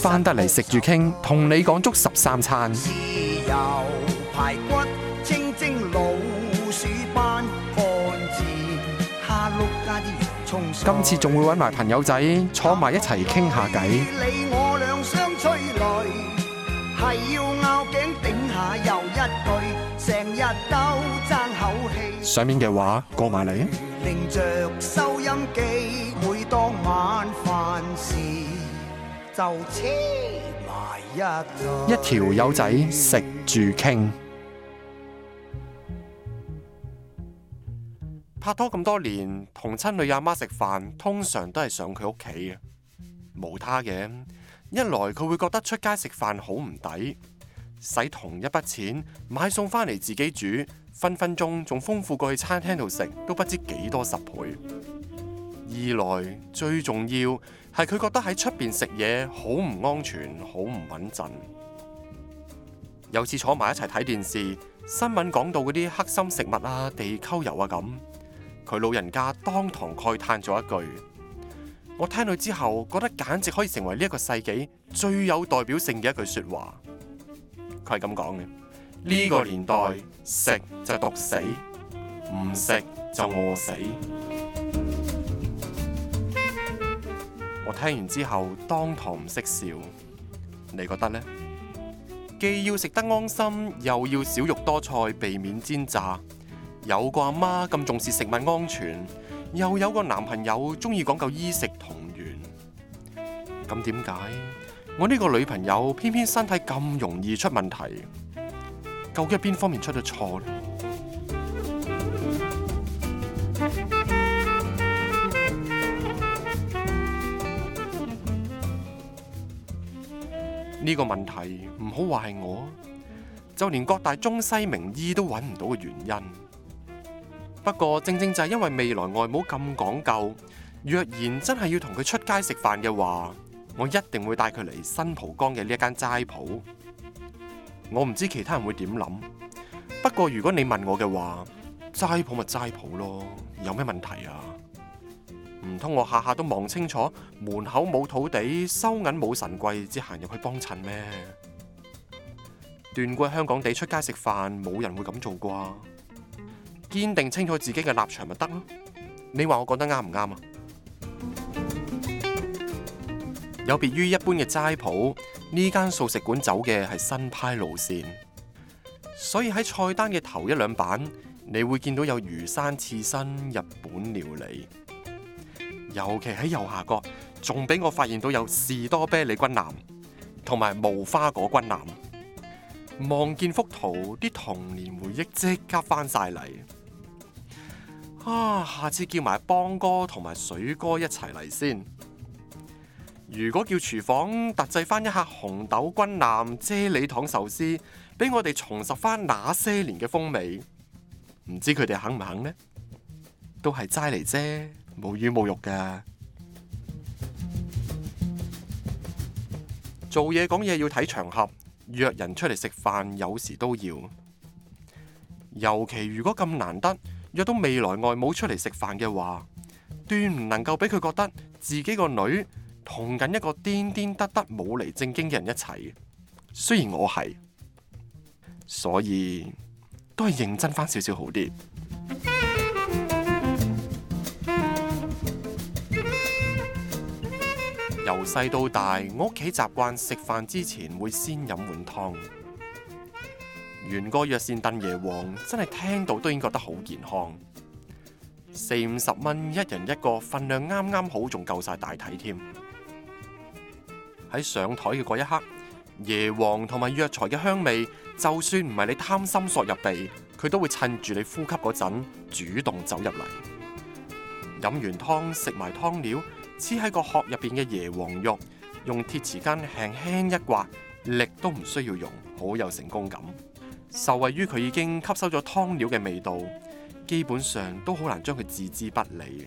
翻得嚟食住傾，同你講足十三餐。今次仲會搵埋朋友仔坐埋一齊傾下偈。上面嘅話過埋嚟。着收音機，每當晚飯時就黐埋一一條友仔食住傾。拍拖咁多年，同親女阿媽食飯，通常都係上佢屋企嘅，冇他嘅。一來佢會覺得出街食飯好唔抵。使同一筆錢買餸翻嚟自己煮，分分鐘仲豐富過去餐廳度食，都不知幾多十倍。二來最重要係佢覺得喺出邊食嘢好唔安全，好唔穩陣。有次坐埋一齊睇電視，新聞講到嗰啲黑心食物啊、地溝油啊咁，佢老人家當堂慨嘆咗一句：「我聽到之後覺得簡直可以成為呢一個世紀最有代表性嘅一句說話。係咁講嘅，呢個年代食就毒死，唔食就餓死。我聽完之後當堂唔識笑，你覺得呢？既要食得安心，又要少肉多菜，避免煎炸。有個阿媽咁重視食物安全，又有個男朋友中意講究衣食同源，咁點解？我呢個女朋友偏偏身體咁容易出問題，究竟邊方面出咗錯？呢個問題唔好話係我，就連各大中西名醫都揾唔到嘅原因。不過正正就係因為未來外母咁講究，若然真係要同佢出街食飯嘅話，我一定會帶佢嚟新蒲崗嘅呢一間齋鋪，我唔知其他人會點諗。不過如果你問我嘅話，齋鋪咪齋鋪咯，有咩問題啊？唔通我下下都望清楚門口冇土地、收銀冇神櫃，只行入去幫襯咩？斷估香港地出街食飯，冇人會咁做啩？堅定清楚自己嘅立場咪得咯？你話我講得啱唔啱啊？有別於一般嘅齋鋪，呢間素食館走嘅係新派路線，所以喺菜單嘅頭一兩版，你會見到有魚生刺身、日本料理，尤其喺右下角，仲俾我發現到有士多啤梨軍艦同埋無花果軍艦。望見幅圖，啲童年回憶即刻翻晒嚟。啊！下次叫埋邦哥同埋水哥一齊嚟先。如果叫廚房特製返一客紅豆軍艦啫喱糖壽司，俾我哋重拾返那些年嘅風味，唔知佢哋肯唔肯呢？都係齋嚟啫，冇魚冇肉噶。 做嘢講嘢要睇場合，約人出嚟食飯有時都要，尤其如果咁難得，約到未來外母出嚟食飯嘅話，斷唔能夠俾佢覺得自己個女。同緊一個癲癲得得冇嚟正經嘅人一齊，雖然我係，所以都係認真翻少少好啲。由細到大，我屋企習慣食飯之前會先飲碗湯。原個藥膳燉椰王，真係聽到都已經覺得好健康。四五十蚊一人一個，份量啱啱好，仲夠晒大體添。喺上台嘅嗰一刻，椰皇同埋藥材嘅香味，就算唔係你貪心索入鼻，佢都會趁住你呼吸嗰陣，主動走入嚟。飲完湯，食埋湯料，黐喺個殼入邊嘅椰皇肉，用鐵匙羹輕輕輕一刮，力都唔需要用，好有成功感。受惠於佢已經吸收咗湯料嘅味道，基本上都好難將佢置之不理嘅。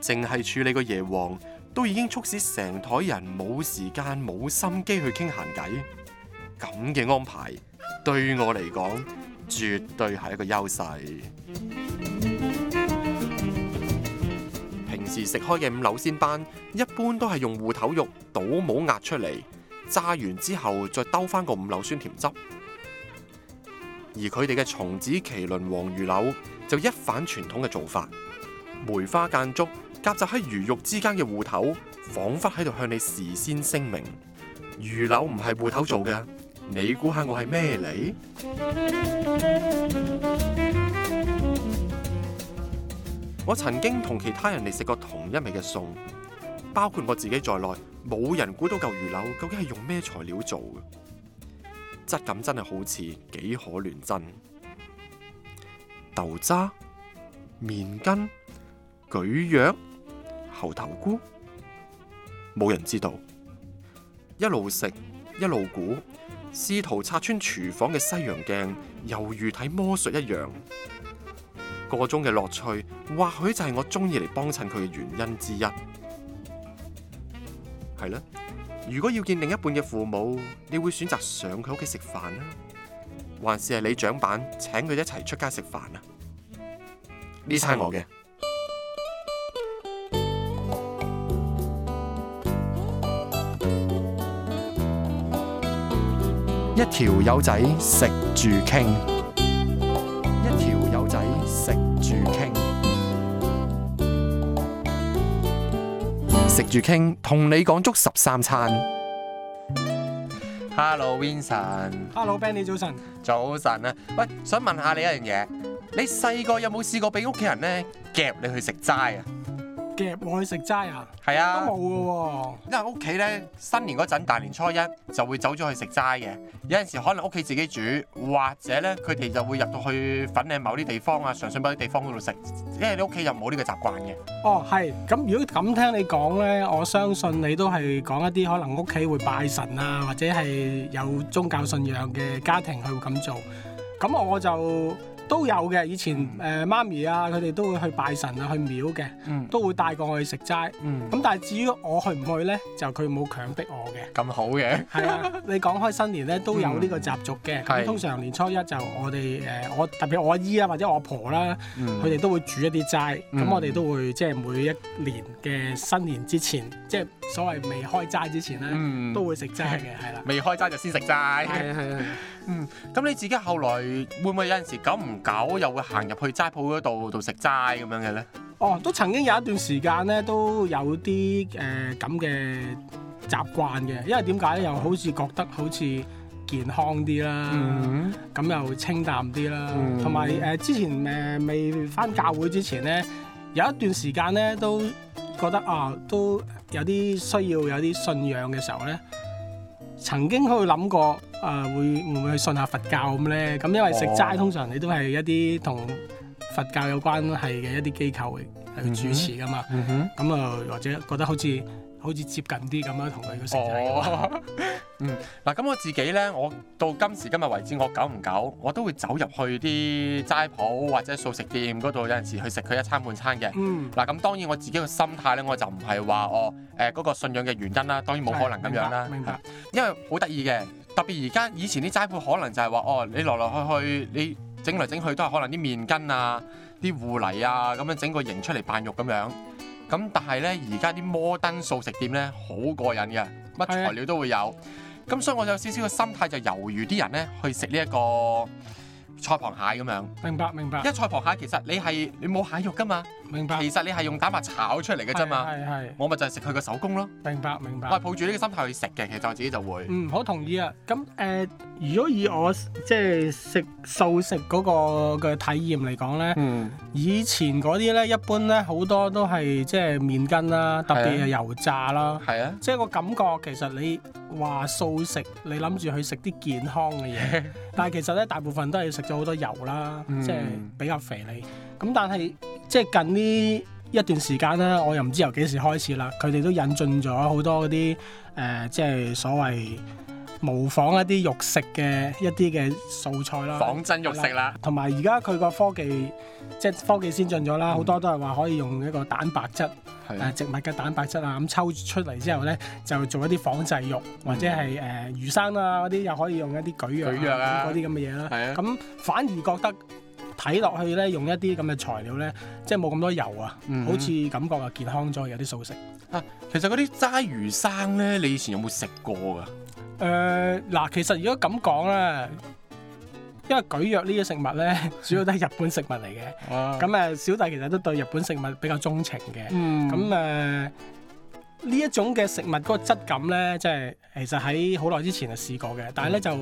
淨係處理個椰皇。都已經促使成台人冇時間冇心機去傾閒偈，咁嘅安排對我嚟講絕對係一個優勢。 平時食開嘅五柳鮮斑，一般都係用芋頭肉倒模壓出嚟，炸完之後再兜翻個五柳酸甜汁。而佢哋嘅松子麒麟黃魚柳就一反傳統嘅做法，梅花間竹。夾雜喺魚肉之間嘅芋頭，仿佛喺度向你事先聲明：魚柳唔係芋頭做嘅。你估下我係咩嚟？我曾經同其他人嚟食過同一味嘅餸，包括我自己在內，冇人估到嚿魚柳究竟係用咩材料做嘅。質感真係好似幾可亂真。豆渣、麵筋、蒟蒻。猴頭菇？冇人知道。一路食，一路估，試圖拆穿廚房嘅西洋鏡，猶如睇魔術一樣。個中嘅樂趣，或許就係我中意嚟幫襯佢嘅原因之一。係啦，如果要見另一半嘅父母，你會選擇上佢屋企食飯啦，還是你掌板請佢一齊出街食飯啊？呢餐我嘅。條友仔食住傾，一條友仔食住傾，食住傾同你講足十三餐。Hello，Vincent。Hello，Ben，你早晨。早晨啊，喂，想問下你一樣嘢，你細個有冇試過俾屋企人咧夾你去食齋啊？夾落去食齋啊？係啊、哦，都冇噶喎。因為屋企咧，新年嗰陣大年初一就會走咗去食齋嘅。有陣時可能屋企自己煮，或者咧佢哋就會入到去粉嶺某啲地方啊，上水某啲地方嗰度食。因為你屋企又冇呢個習慣嘅。哦，係。咁如果咁聽你講咧，我相信你都係講一啲可能屋企會拜神啊，或者係有宗教信仰嘅家庭去咁做。咁我就。都有嘅，以前誒、嗯呃、媽咪啊，佢哋都會去拜神啊，去廟嘅，嗯、都會帶過我去食齋。咁、嗯、但係至於我去唔去呢？就佢冇強迫我嘅。咁好嘅。係 啊，你講開新年呢，都有呢個習俗嘅，嗯、通常年初一就我哋誒、呃、我特別我阿姨啊或者我婆啦、啊，佢哋、嗯、都會煮一啲齋，咁、嗯、我哋都會即係每一年嘅新年之前即係。嗯嗯所謂未開齋之前咧，嗯、都會食齋嘅，係啦。未 開齋就先食齋，係係係。嗯，咁你自己後來會唔會有陣時久唔久又會行入去齋鋪嗰度度食齋咁樣嘅咧？哦，都曾經有一段時間咧，都有啲誒咁嘅習慣嘅。因為點解咧？又好似覺得好似健康啲啦，咁、嗯、又清淡啲啦。同埋誒之前誒未返教會之前咧，有一段時間咧都覺得啊都。有啲需要有啲信仰嘅時候呢，曾經去諗過啊、呃，會、會唔會去信下佛教咁呢？咁因為食齋、oh. 通常你都係一啲同佛教有關係嘅一啲機構去主持噶嘛，咁啊、mm hmm. mm hmm. 呃、或者覺得好似。好似接近啲咁樣同佢嘅食嗯，嗱咁我自己咧，我到今時今日為止，我久唔久我都會走入去啲齋鋪或者素食店嗰度，有陣時去食佢一餐半餐嘅。嗱咁、mm. 嗯、當然我自己嘅心態咧，我就唔係話哦，誒、那、嗰個信仰嘅原因啦，當然冇可能咁樣啦。明白。明白，因為好得意嘅，特別而家以前啲齋鋪可能就係話哦，你，下去下去你弄來來去去你整嚟整去都係可能啲麵筋啊、啲糊泥啊咁樣整個形出嚟扮肉咁樣。.咁但係呢，而家啲摩登素食店呢，好過癮㗎，乜材料都會有。咁是的 所以我有少少嘅心態就猶豫啲人呢去食呢一個菜螃蟹咁樣，明。明白，明白。因為菜螃蟹其實你係你冇蟹肉㗎嘛。明白，其實你係用蛋白炒出嚟嘅啫嘛，嗯、我咪就係食佢個手工咯。明白，明白。我係抱住呢個心態去食嘅，其實我自己就會。嗯，好同意啊。咁誒、呃，如果以我即係食素食嗰個嘅體驗嚟講咧，嗯、以前嗰啲咧一般咧好多都係即係麵筋啦，特別係油炸啦，係啊，即係個感覺其實你話素食，你諗住去食啲健康嘅嘢， 但係其實咧大部分都係食咗好多油啦，即係、嗯、比較肥膩。咁但係即係近呢一段時間啦，我又唔知由幾時開始啦，佢哋都引進咗好多嗰啲誒，即係所謂模仿一啲肉食嘅一啲嘅素菜啦，仿真肉食啦，同埋而家佢個科技即係科技先進咗啦，好、嗯、多都係話可以用一個蛋白質，係、啊、植物嘅蛋白質啊，咁、嗯、抽出嚟之後咧，就做一啲仿製肉、嗯、或者係誒、呃、魚生啊嗰啲，又可以用一啲蒟蒻啊嗰啲咁嘅嘢啦，咁反而覺得。睇落去咧，用一啲咁嘅材料咧，即係冇咁多油啊，嗯、哼好似感覺啊健康咗，有啲素食啊。其實嗰啲齋魚生咧，你以前有冇食過噶？誒嗱、呃，其實如果咁講啦，因為蒟蒻呢啲食物咧，主要都係日本食物嚟嘅。哦、嗯，咁誒，小弟其實都對日本食物比較鍾情嘅。嗯，咁誒。呃呢一種嘅食物嗰個質感咧，即係其實喺好耐之前就試過嘅，但係咧就誒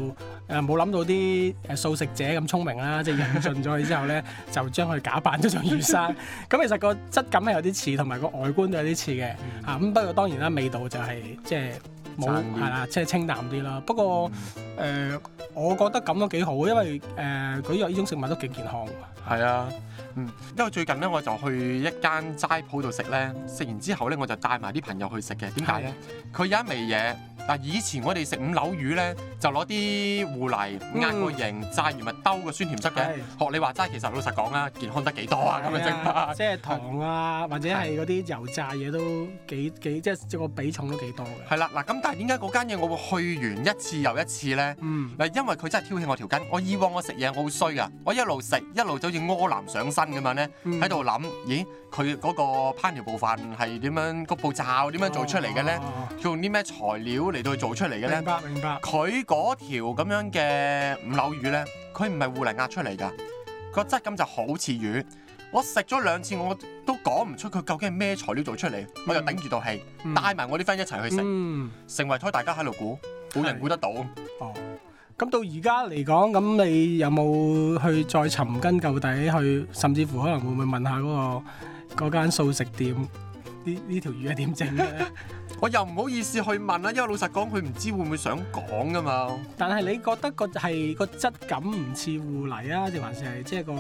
冇諗到啲誒素食者咁聰明啦，即係引進咗佢之後咧，就將佢假扮咗做魚生。咁其實個質感係有啲似，同埋個外觀都有啲似嘅嚇。咁、嗯啊、不過當然啦，味道就係即係冇係啦，即、就、係、是意嗯就是、清淡啲啦。不過誒、嗯呃，我覺得咁都幾好，因為誒佢依個依種食物都幾健康。係啊、嗯。嗯，因為最近咧，我就去一間齋鋪度食咧，食完之後咧，我就帶埋啲朋友去食嘅。點解咧？佢是、啊、有一味嘢，嗱，以前我哋食五柳魚咧，就攞啲芋泥壓個形，嗯、炸完咪兜個酸甜汁嘅。學是、啊、你話齋，其實老實講啊，健康得幾多啊？咁樣整，即係糖啊，或者係嗰啲油炸嘢都幾幾，即係個比重都幾多嘅。係啦、啊，嗱，咁但係點解嗰間嘢我會去完一次又一次咧？嗱，嗯、因為佢真係挑起我條筋。我以往我食嘢我好衰㗎，我一路食一路就好似柯南上。咁樣咧，喺度諗，咦？佢嗰個烹調部分係點樣？個步驟點樣做出嚟嘅咧？喔、用啲咩材料嚟到做出嚟嘅咧？明白明白。佢嗰條咁樣嘅五柳魚咧，佢唔係糊嚟壓出嚟㗎，個質感就好似魚。我食咗兩次，我都講唔出佢究竟係咩材料做出嚟。嗯、我就頂住道氣，帶埋我啲 friend 一齊去食，嗯、成為拖大家喺度估，冇人估得到。的咁到而家嚟講，咁你有冇去再尋根究底去，甚至乎可能會唔會問下嗰、嗰個嗰間素食店，呢呢條魚係點整嘅？ 我又唔好意思去問啦，因為老實講，佢唔知會唔會想講㗎嘛。但係你覺得個係個質感唔似芋泥啊，定還是係即係個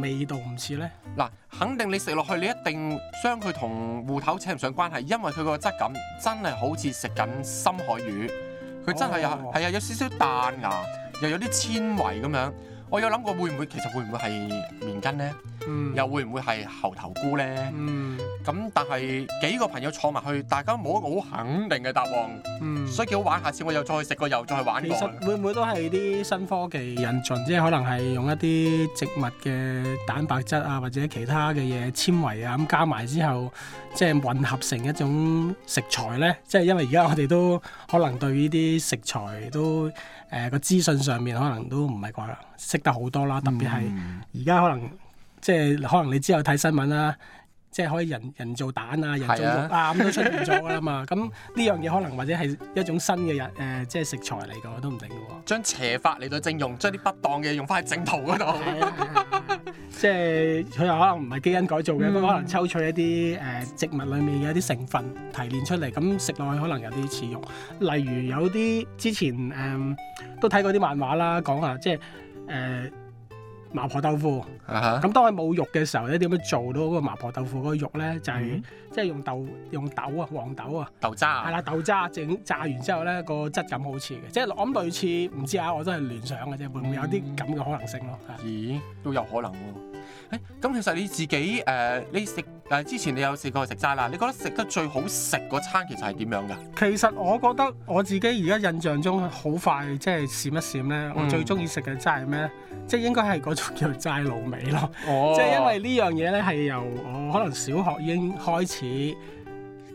味道唔似呢？嗱，肯定你食落去，你一定將佢同芋頭扯唔上關係，因為佢個質感真係好似食緊深海魚。佢真係有少少彈牙，又有啲纖維咁樣。我有諗過會唔會，其實會唔會係麵筋呢？嗯，又會唔會係猴頭菇呢？嗯，咁但係幾個朋友坐埋去，大家冇一個好肯定嘅答案。嗯，所以幾好玩，下次我又再食過又再玩。其實會唔會都係啲新科技引進，即係可能係用一啲植物嘅蛋白質啊，或者其他嘅嘢纖維啊咁加埋之後，即係混合成一種食材呢？即係因為而家我哋都可能對呢啲食材都誒個、呃、資訊上面可能都唔係個識得好多啦，特別係而家可能。即係可能你之後睇新聞啦，即係可以人人造蛋啊、人造肉是啊咁、啊、都出現咗噶啦嘛。咁呢 樣嘢可能或者係一種新嘅人誒，即係食材嚟嘅都唔定嘅喎。將邪法嚟到正用，將啲不當嘅用翻喺正途嗰度。 即係佢又可能唔係基因改造嘅，都、嗯、可能抽取一啲誒、呃、植物裡面嘅一啲成分提煉出嚟，咁食落去可能有啲似肉。例如有啲之前誒、呃、都睇過啲漫畫啦，講下，即係誒。呃麻婆豆腐，咁、uh huh. 當佢冇肉嘅時候咧，點樣做到嗰個麻婆豆腐嗰個肉咧？就係、是 mm hmm. 即係用豆用豆啊，黃豆啊，豆渣啊，係啦，豆渣整炸完之後咧，個質感好似嘅，即係我諗類似，唔知啊，我都係聯想嘅啫，會唔會有啲咁嘅可能性咯？嗯、的咦，都有可能喎、啊。誒，咁、欸、其實你自己誒、呃，你食誒、呃、之前你有試過食齋啦，你覺得食得最好食個餐其實係點樣噶？其實我覺得我自己而家印象中好快即係閃一閃咧，嗯、我最中意食嘅齋係咩咧？即係應該係嗰種叫齋滷味咯，哦、即係因為呢樣嘢咧係由我可能小學已經開始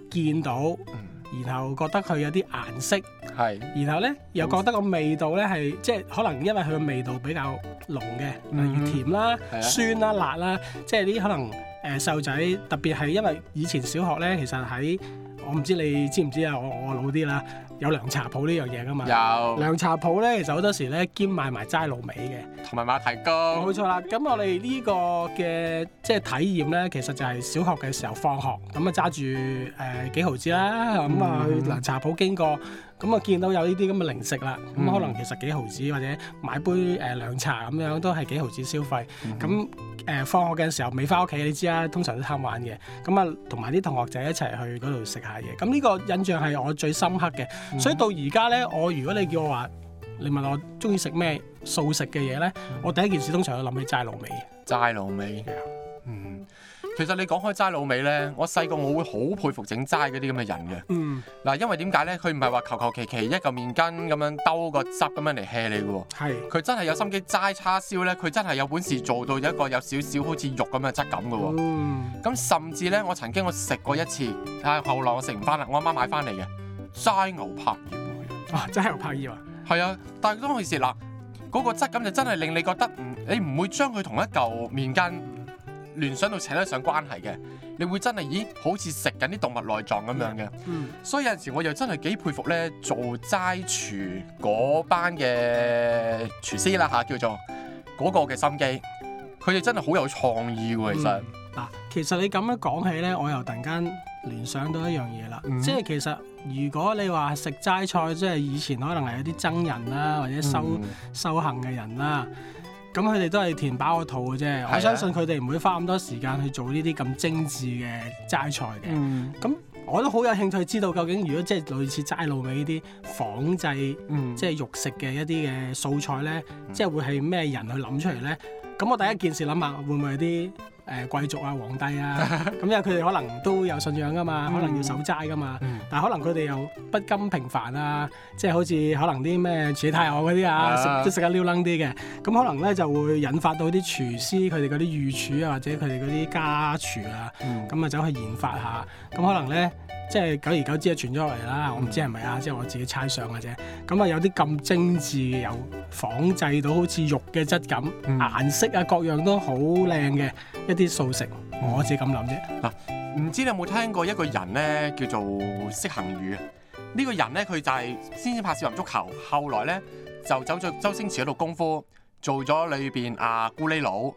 見到。嗯嗯然後覺得佢有啲顏色，係是，然後呢，又覺得個味道呢，係，即係可能因為佢個味道比較濃嘅，例如、嗯、甜啦、的酸啦、辣啦，即係啲可能誒細路仔，特別係因為以前小學呢，其實喺我唔知你知唔知啊，我我老啲啦。有涼茶鋪呢樣嘢噶嘛有？有涼茶鋪呢，其實好多時咧，兼賣埋齋鹵味嘅，同埋馬蹄糕。冇錯啦，咁我哋呢個嘅即係體驗呢，其實就係小學嘅時候放學咁啊，揸住誒幾毫子啦，咁、嗯、啊去涼茶鋪經過。咁啊，見到有呢啲咁嘅零食啦，咁可能其實幾毫子或者買杯誒涼、呃、茶咁樣都係幾毫子消費。咁誒、嗯哼呃、放學嘅時候未返屋企，你知啦，通常都貪玩嘅。咁啊，同埋啲同學仔一齊去嗰度食下嘢。咁呢個印象係我最深刻嘅。嗯、哼所以到而家呢，我如果你叫我話，你問我中意食咩素食嘅嘢呢，嗯、哼我第一件事通常我諗起齋鹵味。齋鹵味其其實你講開齋老味咧，我細個我會好佩服整齋嗰啲咁嘅人嘅。嗱，嗯、因為點解咧？佢唔係話求求其其一嚿麵筋咁樣兜個汁咁樣嚟吃你嘅喎。係。佢真係有心機齋叉燒咧，佢真係有本事做到一個有少少好似肉咁嘅質感嘅喎。嗯。咁甚至咧，我曾經我食過一次，但係後來我食唔翻啦。我阿媽買翻嚟嘅齋牛柏葉。啊、哦！齋牛柏葉啊？係啊，但係當時嗱，嗰、那個質感就真係令你覺得，你唔會將佢同一嚿麵筋聯想到扯得上關係嘅，你會真係，咦？好似食緊啲動物內臟咁樣嘅。嗯。所以有陣時我又真係幾佩服咧做齋廚嗰班嘅廚師啦嚇，叫做嗰個嘅心機，佢哋真係好有創意喎。其實嗱，其實你咁樣講起咧，我又突然間聯想到一樣嘢啦，嗯、即係其實如果你話食齋菜，即係以前可能係有啲僧人啦，或者修、嗯、修行嘅人啦。咁佢哋都係填飽個肚嘅啫，啊、我相信佢哋唔會花咁多時間去做呢啲咁精緻嘅齋菜嘅。咁、嗯、我都好有興趣知道究竟如果即係類似齋鹵味呢啲仿製即係、嗯、肉食嘅一啲嘅素菜呢，嗯、即係會係咩人去諗出嚟呢？咁我第一件事諗下會唔會係啲？誒、呃、貴族啊、皇帝啊，咁因為佢哋可能都有信仰㗎嘛，可能要守齋㗎嘛，嗯、但係可能佢哋又不甘平凡啊，即係好似可能啲咩廚太學嗰啲啊，即係、啊、食得溜楞啲嘅，咁、嗯嗯、可能咧就會引發到啲廚師佢哋嗰啲御廚啊，或者佢哋嗰啲家廚啊，咁啊走去研發下，咁、嗯嗯、可能咧即係久而久之就傳咗落嚟啦。我唔知係咪啊，即係、嗯、我自己猜想嘅啫。咁啊有啲咁精緻嘅有。仿製到好似肉嘅質感、顏色啊，各樣都好靚嘅一啲素食，我自己咁諗啫。嗱，唔知你有冇聽過一個人咧，叫做釋行宇啊？呢、這個人咧，佢就係先至拍少林足球，後來咧就走咗周星馳嗰度功夫，做咗裏邊阿咕喱佬。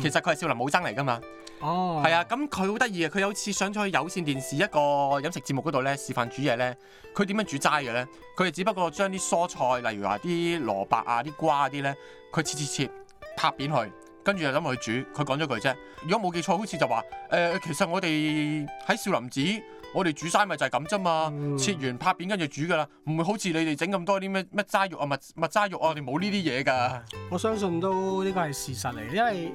其實佢係少林武僧嚟噶嘛。哦，係、oh. 啊，咁佢好得意啊。佢有次上咗去有線電視一個飲食節目嗰度咧，示範煮嘢咧，佢點樣煮齋嘅咧？佢哋只不過將啲蔬菜，例如話啲蘿蔔啊、啲瓜啲咧，佢切，切切切，拍扁佢，跟住就諗落去煮。佢講咗句啫，如果冇記錯，好似就話誒、呃，其實我哋喺少林寺，我哋煮齋咪就係咁啫嘛，mm. 切完拍扁跟住煮噶啦，唔會好似你哋整咁多啲咩咩齋肉啊、乜乜齋肉啊，我哋冇呢啲嘢噶。我相信都呢個係事實嚟，因為，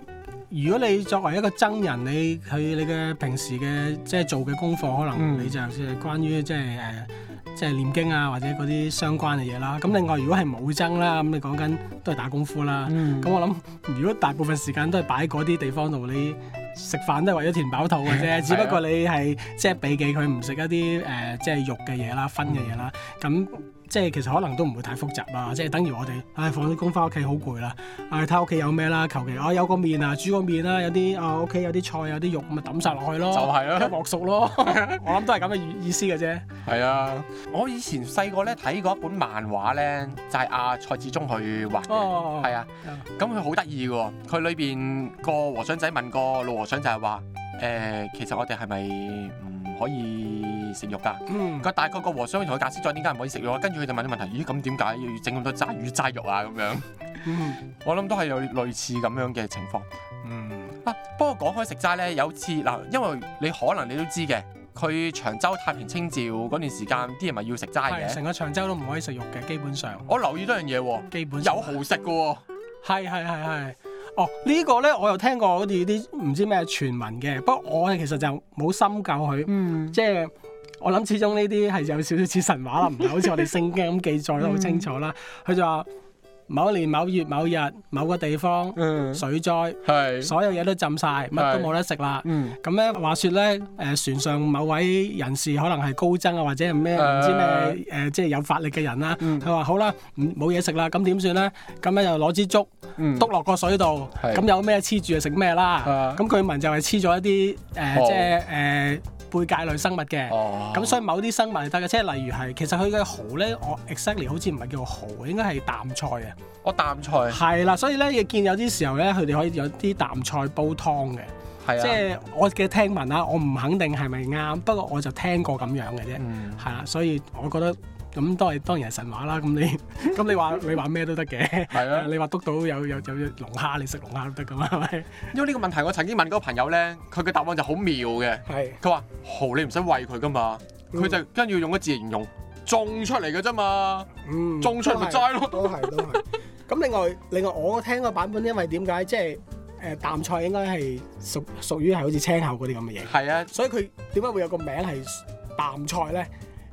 如果你作為一個僧人，你去你嘅平時嘅即係做嘅功課，可能你就係關於即係誒、呃、即係唸經啊，或者嗰啲相關嘅嘢啦。咁另外，如果係武僧啦，咁你講緊都係打功夫啦。咁、嗯、我諗，如果大部分時間都係擺喺嗰啲地方度，你食飯都係為咗填飽肚嘅啫，的只不過你係的即係避忌佢唔食一啲誒、呃、即係肉嘅嘢啦、葷嘅嘢啦咁。即係其實可能都唔會太複雜啦，即係等於我哋唉、哎、放咗工返屋企好攰啦，唉，睇屋企有咩啦，求其啊，有個麵啊，煮個麵啦，有啲啊，屋企有啲菜有啲肉咪抌晒落去咯，一鑊熟咯， 我諗都係咁嘅意思嘅啫。係 啊，我以前細個咧睇過一本漫畫咧，就係、是、阿、啊、蔡志忠去畫哦，係、哦、啊，咁佢好得意嘅喎，佢裏邊個和尚仔問個老和尚就係話，誒、呃、其實我哋係咪？可以食肉噶，個、嗯、大概個和尚同佢解釋咗點解唔可以食肉，跟住佢就問啲問題，咦咁點解要整咁多齋魚齋肉啊咁樣？ 我諗都係有類似咁樣嘅情況。嗯、啊，不過講開食齋咧，有次嗱、啊，因為你可能你都知嘅，佢長洲太平清醮嗰段時間，啲人咪要食齋嘅，成個長洲都唔可以食肉嘅，基本上。我留意到樣嘢喎，基本有好食嘅喎，係係係係。哦，這個、呢個咧，我又聽過嗰啲啲唔知咩傳聞嘅，不過我其實就冇深究佢，即係、嗯就是、我諗始終呢啲係有少少似神話啦，唔係好似我哋聖經咁記載得好清楚啦，佢、嗯、就話。某年某月某日某個地方水災，所有嘢都浸晒，乜都冇得食啦。咁咧話說咧，誒船上某位人士可能係高僧啊，或者係咩唔知咩誒，即係有法力嘅人啦。佢話好啦，冇嘢食啦，咁點算咧？咁咧又攞支竹篤落個水度，咁有咩黐住就食咩啦。咁佢聞就係黐咗一啲誒，即係誒。貝介類生物嘅，咁、oh. 所以某啲生物得嘅，即係例如係，其實佢嘅蠔咧，我 exactly 好似唔係叫蠔，應該係淡菜啊。我、oh, 淡菜。係啦，所以咧你見有啲時候咧，佢哋可以有啲淡菜煲湯嘅，的即係我嘅聽聞啦，我唔肯定係咪啱，不過我就聽過咁樣嘅啫，係啦、mm.，所以我覺得。咁都係當然係神話啦。咁你咁你話，你話咩都得嘅。係啊，你話篤到有有有隻龍蝦，你食龍蝦都得噶嘛，係咪、啊？因為呢個問題，我曾經問過個朋友咧，佢嘅答案就好妙嘅。係、啊。佢話：蠔、哦、你唔使餵佢噶嘛，佢就跟住、嗯、用一個字形容，「種出嚟嘅啫嘛。嗯，種出嚟咪齋咯。都係都係。咁另外，另外，另外我聽個版本，因為點解即係誒淡菜應該係屬屬於係好似青口嗰啲咁嘅嘢。係啊。所以佢點解會有個名係淡菜咧？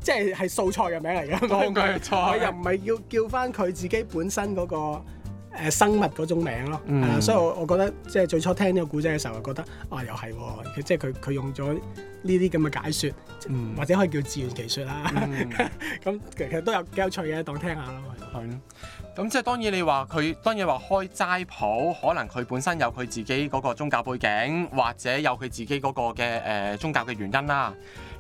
即係係素菜嘅名嚟嘅，㗎，講句錯又唔係要叫翻佢自己本身嗰、嗰個、呃、生物嗰種名咯。嗯、所以，我我覺得即係最初聽呢個古仔嘅時候，覺得啊，又係佢、哦、即係佢佢用咗呢啲咁嘅解説，嗯、或者可以叫自圓其説啦。咁、嗯、 其實都有幾有趣嘅，當聽、聽下咯。係咯、嗯。咁是即係當然你話佢當然話開齋鋪，可能佢本身有佢自己嗰個宗教背景，或者有佢自己嗰個嘅誒宗教嘅原因啦。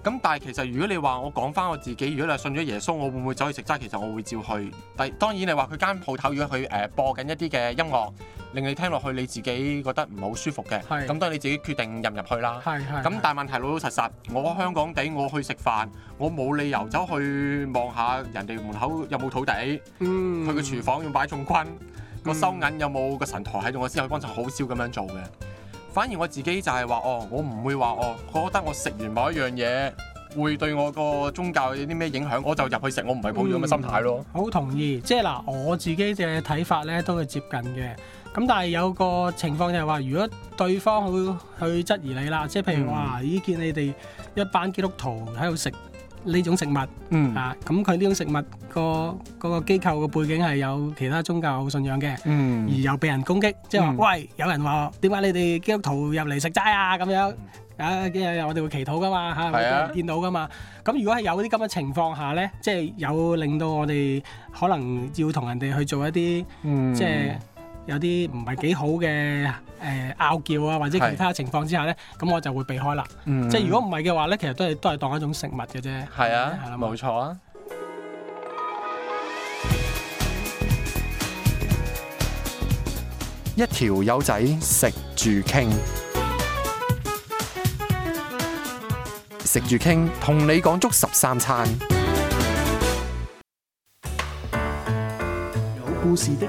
咁但係其實如果你話我講翻我自己，如果你係信咗耶穌，我會唔會走去食齋？其實我會照去。但係當然你話佢間鋪頭如果佢誒播緊一啲嘅音樂，令你聽落去你自己覺得唔好舒服嘅，咁都係你自己決定入唔入去啦。咁但係問題老老實實，我香港地我去食飯，我冇理由走去望下人哋門口有冇土地，去個、嗯、廚房有冇擺灶君，個、嗯、收銀有冇個神台喺度，我先可以幫襯，就好少咁樣做嘅。反而我自己就係話，哦，我唔會話，哦，覺得我食完某一樣嘢會對我個宗教有啲咩影響，我就入去食，我唔係抱住咁嘅心態。係咯 、嗯，好同意，即係嗱，我自己嘅睇法咧都係接近嘅。咁但係有個情況就係話，如果對方去去質疑你啦，即係譬如話，咦，見你哋一班基督徒喺度食，呢種食物，嗯、啊，咁佢呢種食物個嗰個機構嘅背景係有其他宗教信仰嘅，嗯、而又被人攻擊，即係話：嗯、喂，有人話點解你哋基督徒入嚟食齋啊？咁樣啊啊，啊，我哋會祈禱噶嘛嚇，啊是啊啊、人見到噶嘛。咁、啊、如果係有啲咁嘅情況下咧，即、就、係、是、有令到我哋可能要同人哋去做一啲即係。嗯有啲唔係幾好嘅，誒拗撬啊，或者其他情況之下呢，咁 我就會避開啦。嗯、即係如果唔係嘅話呢，其實都係都係當一種食物嘅啫。係、 嗯、啊，冇對錯啊。一條友仔食住傾，食住傾同你講足十三餐，有故事的。